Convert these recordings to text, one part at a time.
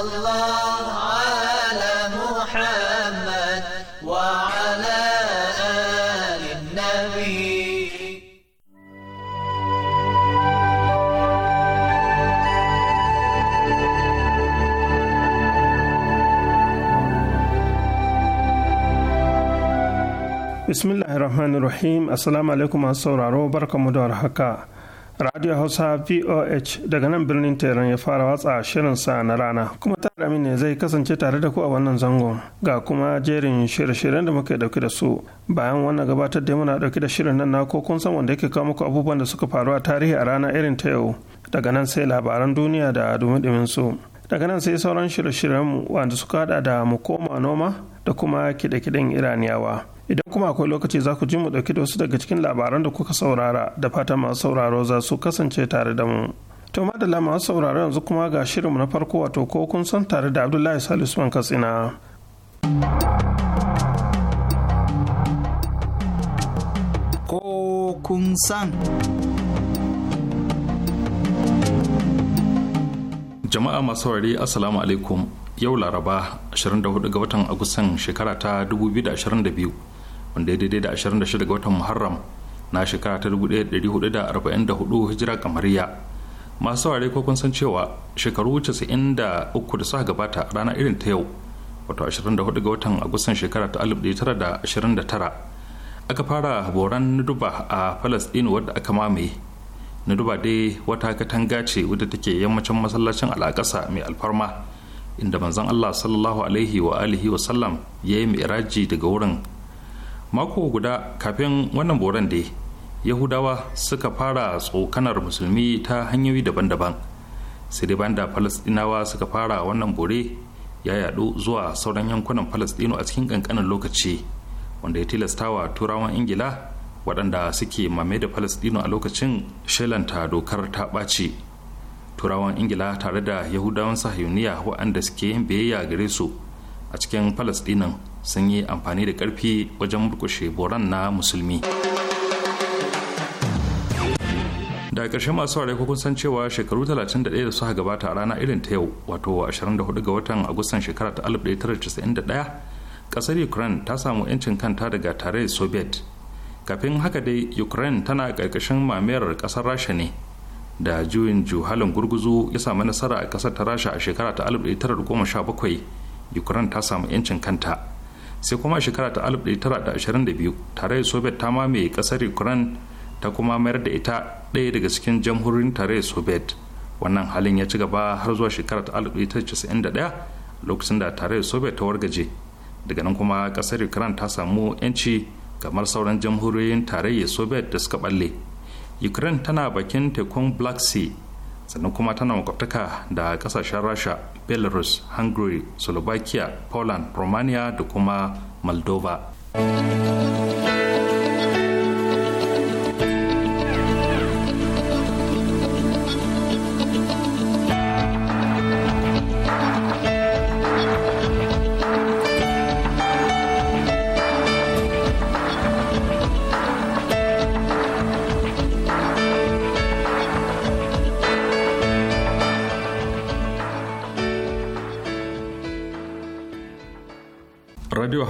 الله على محمد وعلى آل النبي بسم الله الرحمن الرحيم السلام عليكم ورحمه الله وبركاته radio hausa voh daga nan birnin teran ya fara watsa shirinsa na rana kuma tare ne zai kasance tare da ku a wannan zangon ga kuma jerin shirye-shiryen da muke dauke da su bayan wannan gabatar da muna dauke da shirin nan na ko kun san wanda yake kawo muku abubuwan da suka faru a tarihi a rana irin ta yau daga nan sai labaran duniya da dumi su daga nan sai sauran shirye-shiryenmu wanda suka hada da mu koma noma da kuma kide-kiden iraniyawa idan kuma akwai lokaci za ku ji mu ɗauki da wasu daga cikin labaran da kuka saurara da fata masu sauraro za su kasance tare da mu to madalla masu sauraro yanzu kuma ga shirinmu na farko wato ko kun san tare da abdullahi salisu katsina ko kun san jama'a masu saurari assalamu alaikum yau laraba 24 ga watan agustan shekara ta 2022 wanda ya daidai da 26 ga watan muharram na shekara ta 1444 hijira kamariya masu ware ko kun san cewa shekaru 93 da suka gabata rana irin ta yau wato 24 ga watan agustan shekara ta 1929 aka fara boran nuduba a palestine wadda aka mamaye nuduba dai wata katanga ce wadda take yammacin masallacin alakasa mai alfarma inda manzon allah sallallahu alaihi wa alihi wa sallam ya yi daga wurin mako guda kafin wannan boran da yahudawa suka fara tsokanar musulmi ta hanyoyi daban-daban sai dai da suka fara wannan bore ya yadu zuwa sauran yankunan falastino a cikin kankanin lokaci wanda ya tilasta wa turawan ingila waɗanda suke mame da falastino a lokacin shelanta dokar ta ɓaci turawan ingila tare da yahudawan sahiyuniya waɗanda suke yin biyayya gare su a cikin falasdinan sun yi amfani da karfi wajen murkushe boran na musulmi da ƙarshe masu ware kukun san cewa shekaru 31 da suka gabata a rana irin ta yau wato 24 ga watan agustan shekara ta 1991 ƙasar ukraine ta samu 'yancin kanta daga tarayyar soviet kafin haka dai ukraine tana ƙarƙashin mamayar ƙasar rasha ne da juyin juhalin gurguzu ya samu nasara a kasar ta rasha a shekara ta 1917 ukraine ta samu 'yancin kanta sai kuma a shekara ta 1922 tarayyar soviet ta mamaye kasar ukraine ta kuma mayar da ita ɗaya daga cikin jamhuriyar tarayyar soviet wannan halin ya ci gaba har zuwa shekara ta 1991 lokacin da tarayyar soviet ta wargaje daga nan kuma kasar ukraine ta samu 'yanci kamar sauran jamhuriyoyin tarayyar soviet da suka balle ukraine tana bakin tekun black sea sannan kuma tana makwabtaka da kasashen rasha belarus hungary slovakia poland romania da kuma moldova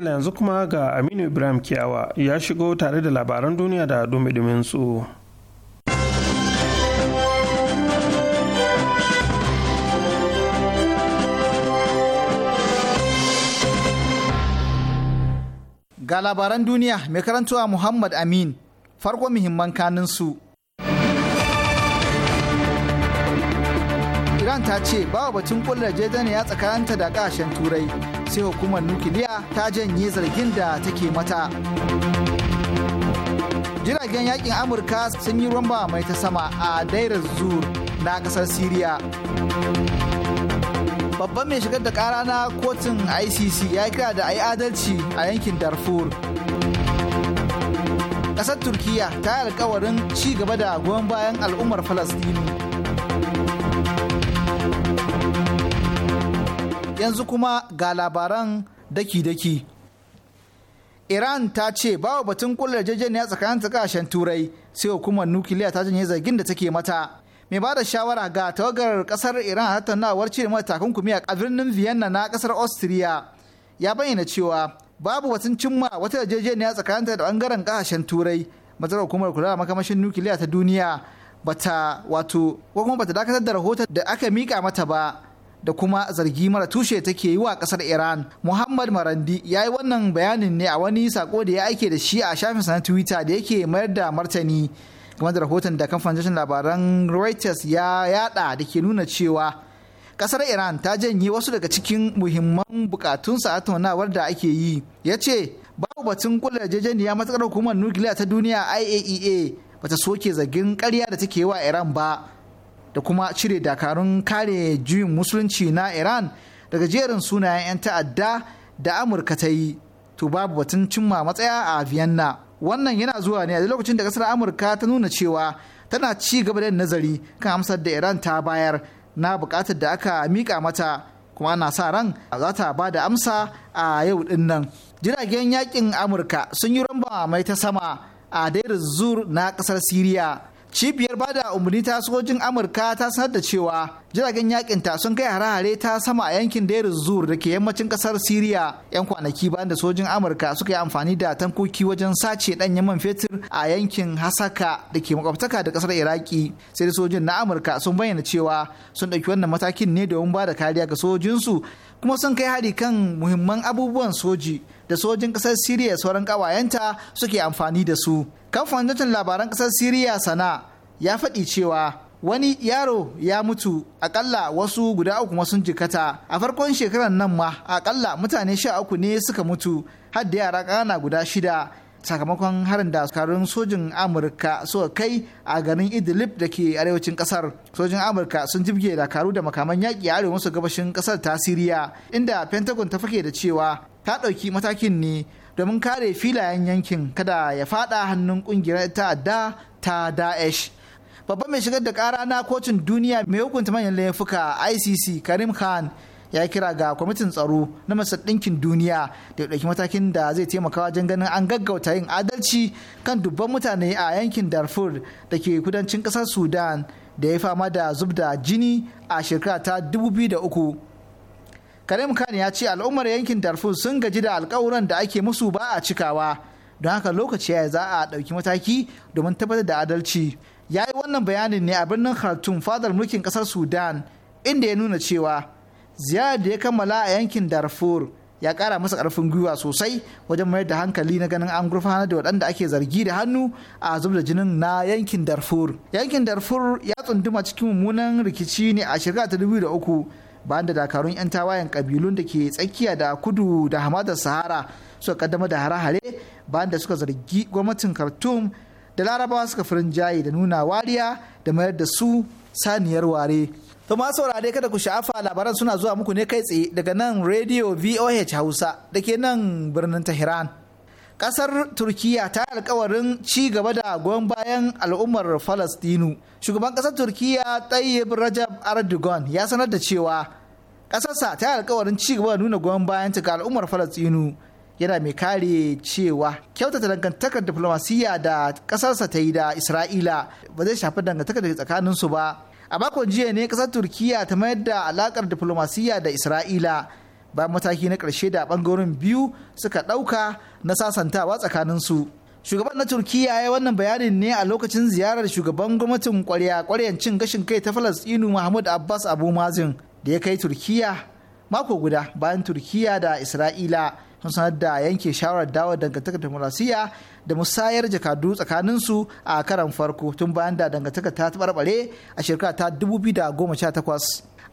da yanzu kuma ga aminu ibrahim kiyawa ya shigo tare da labaran duniya da dumi su. ga labaran duniya mai karantawa muhammad amin farko muhimman kanin su iran ta ce bawa batun kullar ya tsakaninta da kashen turai sai hukumar nukiliya ta janye zargin da take mata jiragen yakin amurka sun yi rumba mai ta sama a Daira zur na kasar siriya babban mai shigar da kara na kotun icc ya kira da a yi adalci a yankin darfur kasar turkiya ta yi alkawarin ci gaba da goyon bayan al'ummar Falasdini. yanzu kuma ga labaran daki-daki. Iran ta ce babu batun kullar yarjejeniya tsakanin ta kashen turai sai hukumar nukiliya ta janye zargin da take mata. Mai ba da shawara ga tawagar kasar Iran a tattaunawar cire mata takunkumi a birnin Vienna na kasar Austria ya bayyana cewa babu batun cimma wata yarjejeniya tsakanin da bangaren kasashen turai matsalar hukumar kula da makamashin nukiliya ta duniya bata wato ko kuma bata dakatar da rahoton da aka mika mata ba. da kuma zargi mara tushe take yi wa kasar Iran. Muhammad Marandi ya yi wannan bayanin ne a wani sako da ya aike da shi a shafinsa na Twitter da yake mayar da martani game da rahoton da kamfanin labaran Reuters ya yada da ke nuna cewa kasar Iran ta janye wasu daga cikin muhimman bukatun sa tattaunawar da ake yi. Ya ce, babu batun kula yarjejeniya matsakar hukumar nukiliya ta duniya IAEA bata soke zagin karya da take wa Iran ba. da kuma cire dakarun kare juyin musulunci na iran daga jerin sunayen 'yan ta'adda da amurka ta yi to babu batun cimma matsaya a vienna wannan yana zuwa ne a lokacin da kasar amurka ta nuna cewa tana ci gaba da nazari kan amsar da iran ta bayar na bukatar da aka mika mata kuma ana sa ran za ta ba da amsa a yau din jiragen yakin amurka sun yi ramba mai ta sama a dairar zur na kasar siriya cibiyar bada umarni ta sojin amurka ta sanar da cewa jiragen yakin ta sun kai hare-hare ta sama a yankin deir zur da ke yammacin kasar siriya yan kwanaki bayan da sojin amurka suka yi amfani da tankoki wajen sace danyen man fetur a yankin hasaka da ke makwabtaka da kasar iraki sai da sojin na amurka sun bayyana cewa sun ɗauki wannan matakin ne domin ba da kariya ga sojinsu kuma sun kai hari kan muhimman abubuwan soji da sojin kasar Siriya sauran kawayenta suke amfani da su. Kamfanin labaran kasar Siriya sana ya faɗi cewa wani yaro ya mutu akalla wasu guda uku ma sun jikata a farkon shekarar nan ma akalla mutane sha uku ne suka mutu har da yara ƙana guda shida sakamakon harin da karun sojin amurka suka kai a garin idlib da ke arewacin kasar sojin amurka sun jibge dakaru da makaman yaƙi a arewa maso gabashin kasar ta siriya inda pentagon ta fake da cewa ta ɗauki matakin ne domin kare filayen yankin kada ya fada hannun ƙungiyar ta'adda ta daesh babban mai shigar da kara na kocin duniya mai hukunta manyan laifuka icc karim khan ya kira ga kwamitin tsaro na masar ɗinkin duniya da ya ɗauki matakin da zai taimaka wajen ganin an gaggauta yin adalci kan dubban mutane a yankin darfur da ke kudancin ƙasar sudan da ya fama da zub da jini a shekara ta 2003 karim khan ya ce al'ummar yankin darfur sun gaji da alkawuran da ake musu ba a cikawa don haka lokaci ya za a ɗauki mataki domin tabbatar da adalci ya yi wannan bayanin ne a birnin khartoum fadar mulkin ƙasar sudan inda ya nuna cewa ziyarar da ya kammala a yankin darfur ya kara masa karfin gwiwa sosai wajen mayar da hankali na ganin an gurfanar da waɗanda ake zargi da hannu a zub da jinin na yankin darfur yankin darfur ya tsunduma cikin mummunan rikici ne a shekara ta dubu da uku bayan da dakarun 'yan tawayen kabilun da ke tsakiya da kudu da hamadar sahara suka kaddama da hare-hare bayan da suka zargi gwamnatin khartoum da larabawa suka firin jaye da nuna wariya da mayar da su saniyar ware To masu saurare kada ku sha'afa labaran suna zuwa muku ne kai tsaye daga nan Radio VOH Hausa da ke nan birnin Tehran. Kasar Turkiyya ta yi alkawarin ci gaba da goyon bayan al'ummar Falastinu. Shugaban kasar Turkiyya, Tayyip Rajab Erdogan ya sanar da cewa kasarsa ta yi alkawarin ci gaba da nuna goyon bayan ga al'ummar Falastinu. Yana mai kare cewa kyautata dangantakar diflomasiyya da kasarsa ta yi da Isra'ila ba zai shafi dangantakar da tsakaninsu ba. a makon jiya ne kasar turkiya ta mayar da alakar diflomasiyya da isra'ila bayan mataki na ƙarshe da bangarorin biyu suka ɗauka na sasantawa su. shugaban na turkiya ya wannan bayanin ne a lokacin ziyarar shugaban gwamnatin kwarya kwaryan cin gashin kai ta falastinu mahmud abbas abu mazin da ya kai turkiya mako guda bayan turkiya da isra'ila sun sanar da yanke shawarar dawo dangantakar demokrasiya da musayar jakadu tsakanin su a karan farko tun bayan da dangantakar ta tabarbare a shekara ta 2018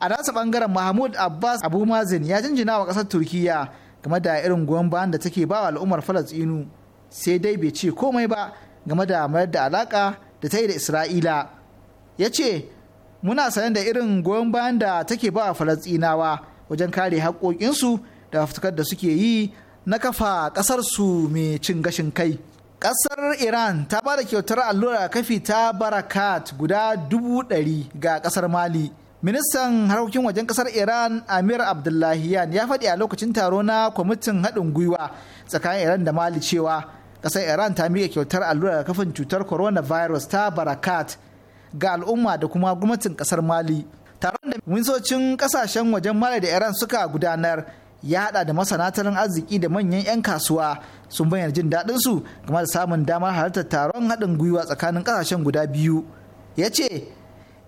a nasa bangaren mahmud abbas abu mazin ya jinjina wa kasar turkiya game da irin goyon bayan da take ba al'ummar falastinu sai dai bai ce komai ba game da mayar da alaka da ta yi da isra'ila ya ce muna sanar da irin goyon bayan da take ba wa falastinawa wajen kare haƙoƙinsu da fafutukar da suke yi na kafa su mai cin gashin kai. Ƙasar Iran ta ba da kyautar allura kafi ta barakat guda dubu ɗari ga ƙasar Mali. Ministan harkokin wajen ƙasar Iran Amir Abdullahiyan ya faɗi a lokacin taro na kwamitin haɗin gwiwa tsakanin Iran da Mali cewa ƙasar Iran ta miƙa kyautar allura kafin cutar coronavirus ta barakat ga al'umma da kuma gwamnatin ƙasar Mali. Taron da ministocin ƙasashen wajen Mali da Iran suka gudanar ya hada da masana arziki da manyan 'yan kasuwa sun bayyana jin daɗin su game da samun damar halartar taron haɗin gwiwa tsakanin ƙasashen guda biyu ya ce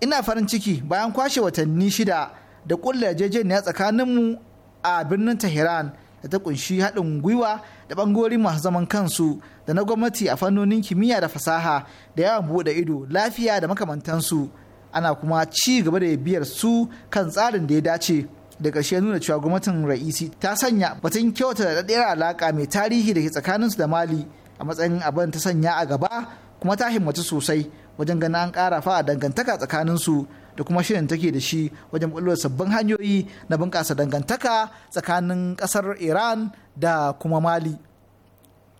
ina farin ciki bayan kwashe watanni shida da ƙulla yarjejeniya tsakaninmu a birnin tehran da ta kunshi haɗin gwiwa da ɓangarori masu zaman kansu da na gwamnati a fannonin kimiyya da fasaha da yawan buɗe ido lafiya da makamantansu ana kuma ci gaba da biyar su kan tsarin da ya dace da ƙarshe nuna cewa gwamnatin ra'isi ta sanya batun kyauta da daɗaɗɗiyar alaƙa mai tarihi da ke tsakanin su da mali a matsayin abin ta sanya a gaba kuma ta himmatu sosai wajen ganin an ƙara fa a dangantaka tsakaninsu da kuma shirin take da shi wajen bulwar sabbin hanyoyi na bunƙasa dangantaka tsakanin ƙasar iran da kuma mali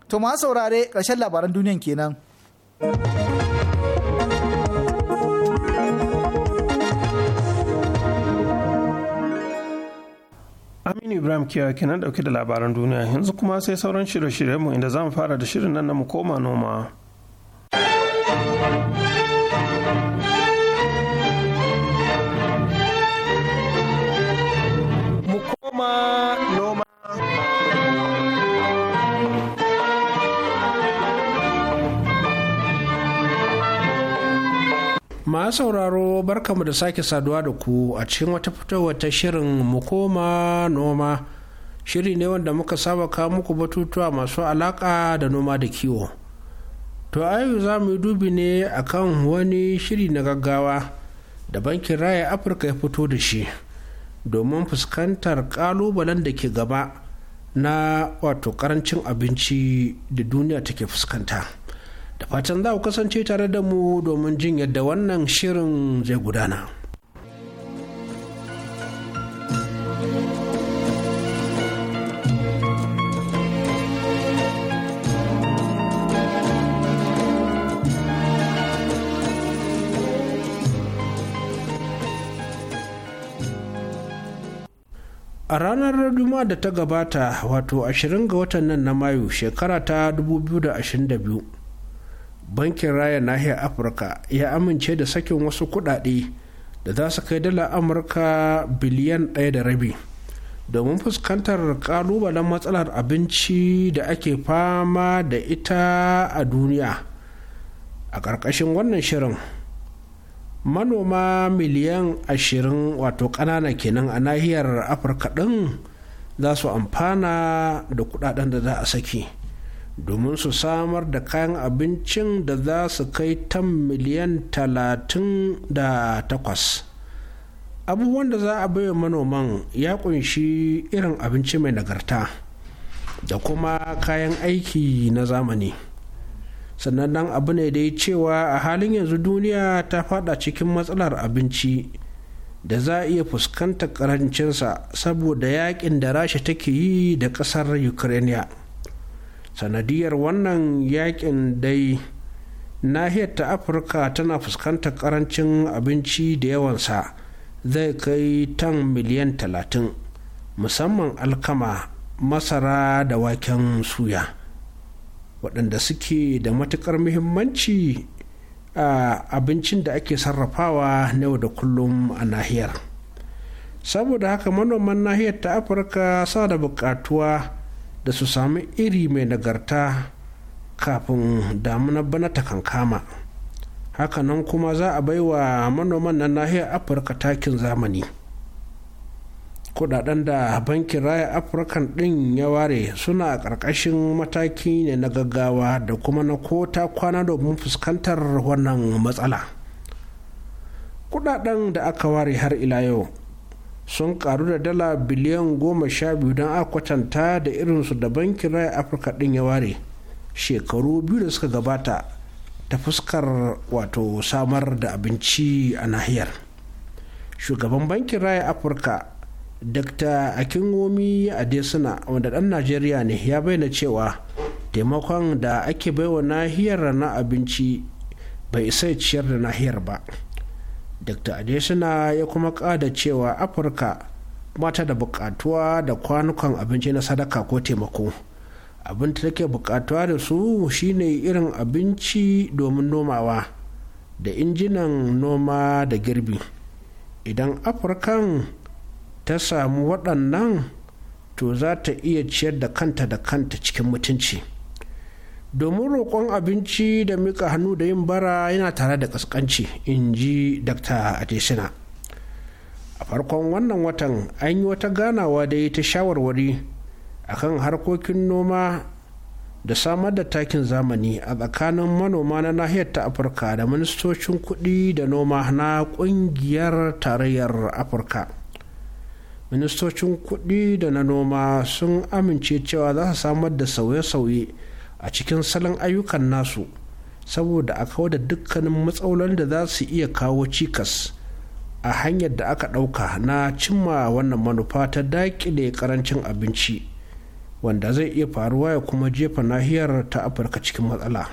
to ma saurare ƙarshen labaran duniyan kenan. Aminu Ibrahim Kiyawa kenan dauke da labaran duniya yanzu kuma sai sauran shirye mu inda zamu fara da shirin nan na mu koma noma. Mu koma ma sauraro barkamu da sake saduwa da ku a cikin wata fitowar wata shirin mu koma noma shiri ne wanda muka saba kawo muku batutuwa masu alaka da noma da kiwo to ayu za mu yi dubi ne akan wani shiri na gaggawa da bankin raya afirka ya fito da shi domin fuskantar kalubalen da ke gaba na wato karancin abinci da duniya take fuskanta. da fatan za ku kasance tare da mu domin jin yadda wannan shirin zai gudana. a ranar juma'a da ta gabata wato 20 ga watan nan na mayu shekara ta 2022 bankin raya nahiyar afirka ya amince da sakin wasu kudade da za su kai dala amurka biliyan ɗaya da rabi domin fuskantar kalubalen matsalar abinci da ake fama da ita a duniya a ƙarƙashin wannan shirin manoma miliyan ashirin wato ƙanana kenan a nahiyar afirka ɗin za su amfana da kudaden da za a saki. domin su samar da kayan abincin da za su kai tan miliyan talatin da takwas abubuwan da za a baiwa manoman ya kunshi irin abinci mai nagarta da kuma kayan aiki na zamani sannan nan abu ne dai cewa a halin yanzu duniya ta fada cikin matsalar abinci da za a iya fuskantar karancinsa saboda yakin da rasha take yi da kasar ukraine sanadiyar wannan yakin dai nahiyar ta afirka tana fuskantar karancin abinci da yawansa zai kai tan miliyan talatin musamman alkama masara da waken suya waɗanda suke da matukar muhimmanci a abincin da ake sarrafawa na yau da kullum a nahiyar saboda haka manoman nahiyar ta afirka sa da buƙatuwa da su sami iri mai nagarta kafin damuna bana ta kankama hakanan kuma za a baiwa manoman na nahiyar afirka takin zamani kudaden da bankin raya afirka din ya ware suna a ƙarƙashin mataki ne na gaggawa da kuma na kota kwana domin fuskantar wannan matsala kudaden da aka ware har ila yau sun karu da dala biliyan goma sha biyu don akwatanta da irinsu da bankin raya afirka din ya ware shekaru biyu da suka gabata ta fuskar wato samar da abinci a nahiyar shugaban bankin raya afirka dr akinwomi adesina wanda dan najeriya ne ya bayyana cewa taimakon da ake baiwa nahiyar na abinci bai isa ciyar da nahiyar ba dr adesina ya kuma kada cewa afirka bata da bukatuwa da kwanukan abinci na sadaka ko taimako abin da take bukatuwa da su shine irin abinci domin nomawa da injinan noma da girbi idan afirkan ta samu waɗannan to za ta iya ciyar da kanta da kanta cikin mutunci. domin roƙon abinci da mika hannu da yin bara yana tare da ƙasƙanci in ji dr adesina a farkon wannan watan an yi wata ganawa da ta shawarwari akan harkokin noma da samar da takin zamani a tsakanin manoma na nahiyar ta afirka da ministocin kuɗi da noma na ƙungiyar tarayyar afirka ministocin kuɗi da na noma sun amince cewa za su samar da sauye-sauye a cikin salon ayyukan nasu saboda a kawo da dukkanin matsalolin da za su iya kawo cikas a hanyar da aka ɗauka na cimma wannan manufa ta daƙile karancin abinci wanda zai iya faruwa ya kuma jefa nahiyar ta afirka cikin matsala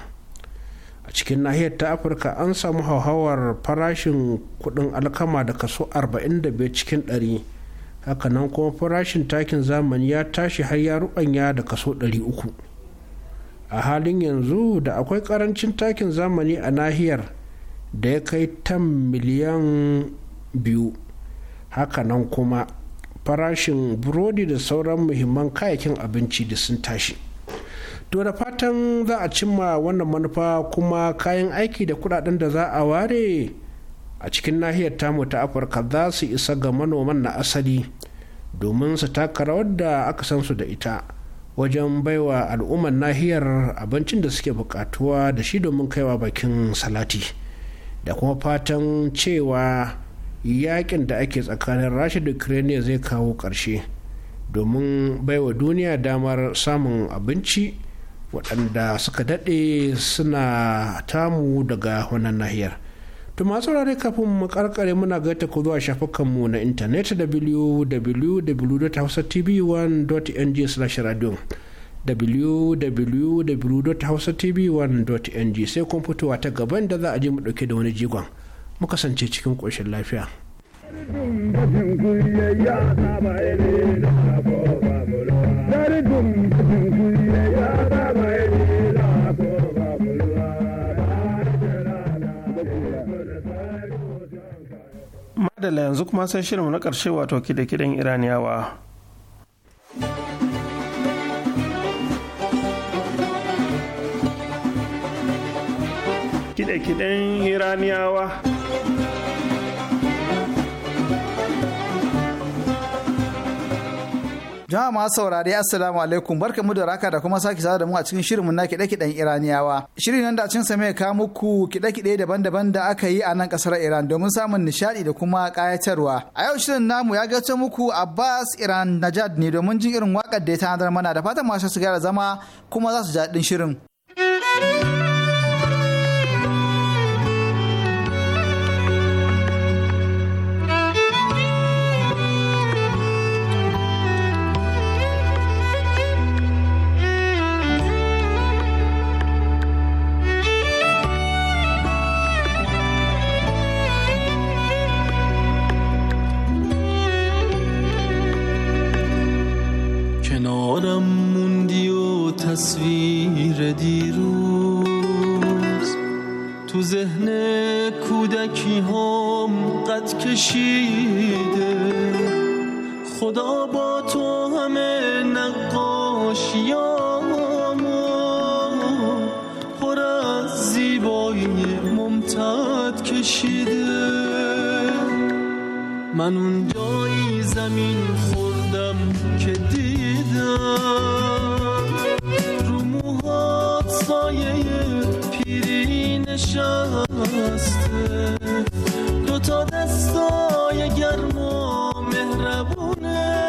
a cikin nahiyar ta afirka an samu hauhawar farashin kuɗin alkama da kaso 45 cikin 100 hakanan kuma farashin takin zamani ya tashi har ya rubanya da kaso 300 a halin yanzu da akwai karancin takin zamani a nahiyar da ya kai tam miliyan biyu hakanan kuma farashin burodi da sauran muhimman kayakin abinci da sun tashi to da fatan za a cimma wannan manufa kuma kayan aiki da kudaden da za a ware a cikin nahiyar tamu ta afirka za su isa ga manoman na asali domin su taka rawar da aka san su da ita wajen baiwa al'ummar nahiyar abincin da suke bukatuwa da shi domin kaiwa bakin salati da kuma fatan cewa yakin da ake tsakanin rasha da ukraine zai kawo ƙarshe domin baiwa duniya damar samun abinci waɗanda suka daɗe suna tamu daga wannan nahiyar. To masu rarrai kafin mu karkare muna ta ku zuwa shafukanmu na intanet www.hausatv1.ng slash radio www.hausatv1.ng sai kun fitowa ta gaban da za a je mu dauke da wani jigon. Mu kasance cikin ƙoshin lafiya. Dari dum Adala yanzu kuma sai shirinmu na ƙarshe wato kide-kiden Iraniyawa. kide kidan Iraniyawa. jama'a masu saurari assalamu alaikum barkamu da raka da kuma sake sada da mu a cikin shirinmu na kiɗe-kiɗen iraniyawa shirin nan da cin sa mai kawo muku kiɗe-kiɗe daban-daban da aka yi a nan kasar iran domin samun nishaɗi da kuma kayatarwa. a yau shirin namu ya gaci muku abbas iran najad ne domin jin irin wakar da ya tanadar mana da fatan masu su gyara zama kuma za su ji daɗin shirin. من اون جایی زمین خوردم که دیدم رو موهات سایه پیری نشسته دوتا دستای گرم مهربونه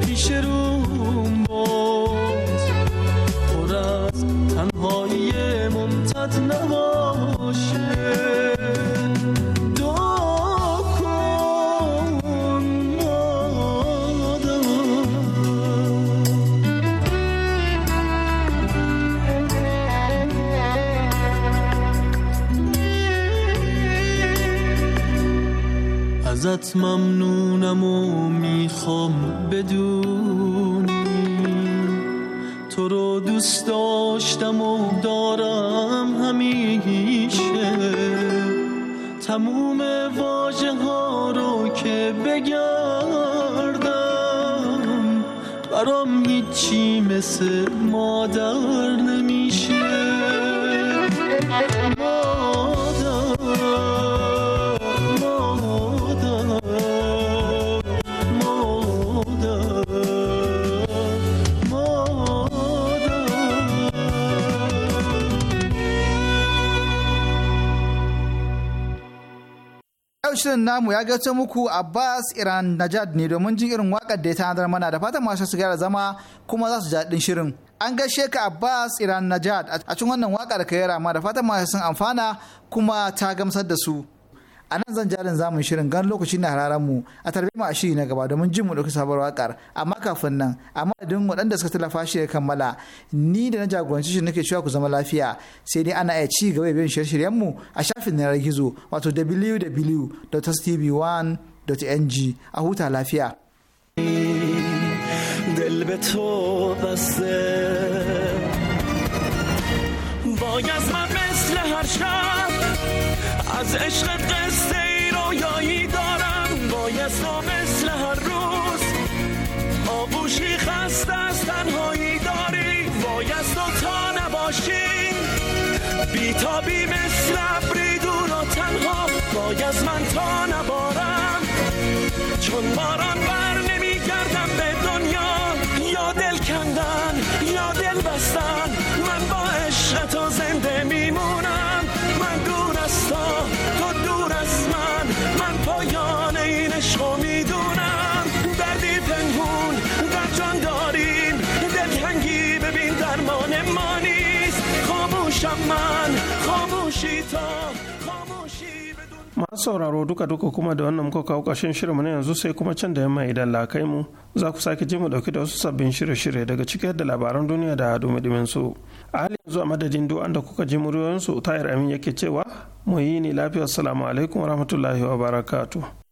پیش روم بود پر از تنهایی ممتد نباشه ازت ممنونم و میخوام بدونی تو رو دوست داشتم و دارم همیشه تموم واجه ها رو که بگردم برام هیچی مثل مادر shirin namu ya gaci muku Abbas Iran Najad ne domin jin irin wakar da ya tanadar mana da fatan masu su gyara zama kuma za su ji daɗin shirin. An gaishe ka Abbas Iran Najad a cikin wannan waka da ka yi rama da fatan masu sun amfana kuma ta gamsar da su. a nan zan jarin zamun shirin gan lokaci na hararen mu a tarbe mu a shiri na gaba domin jin mu ɗauki sabuwar wakar amma kafin nan a madadin waɗanda suka tallafa shi ya kammala ni da na jagoranci shi nake cewa ku zama lafiya sai dai ana iya ci gaba bin shirye-shiryen mu a shafin yanar gizo wato www.tv1.ng a huta lafiya. دل به تو بسته وای من مثل هر از عشق قصه ای رویایی دارم بایستا مثل هر روز آبوشی خسته از تنهایی داری تو تا نباشی بیتابی مثل ابری دور و تنها بای من تا نبارم چون باران بر نمیگردم به دنیا یا دل کندن یا دل بستن من با عشق تو زنده می masu sauraro duka-duka kuma da wannan muka kawo ƙarshen shirinmu na yanzu sai kuma can da yamma idan lakai mu za ku sake ji mu dauki da wasu sabbin shirye-shirye daga cikin da labaran duniya da dumi su a halin yanzu a madadin du'an da kuka ji muryoyinsu tayar amin yake cewa mu yi ni lafiya salamu alaikum wa barakatu.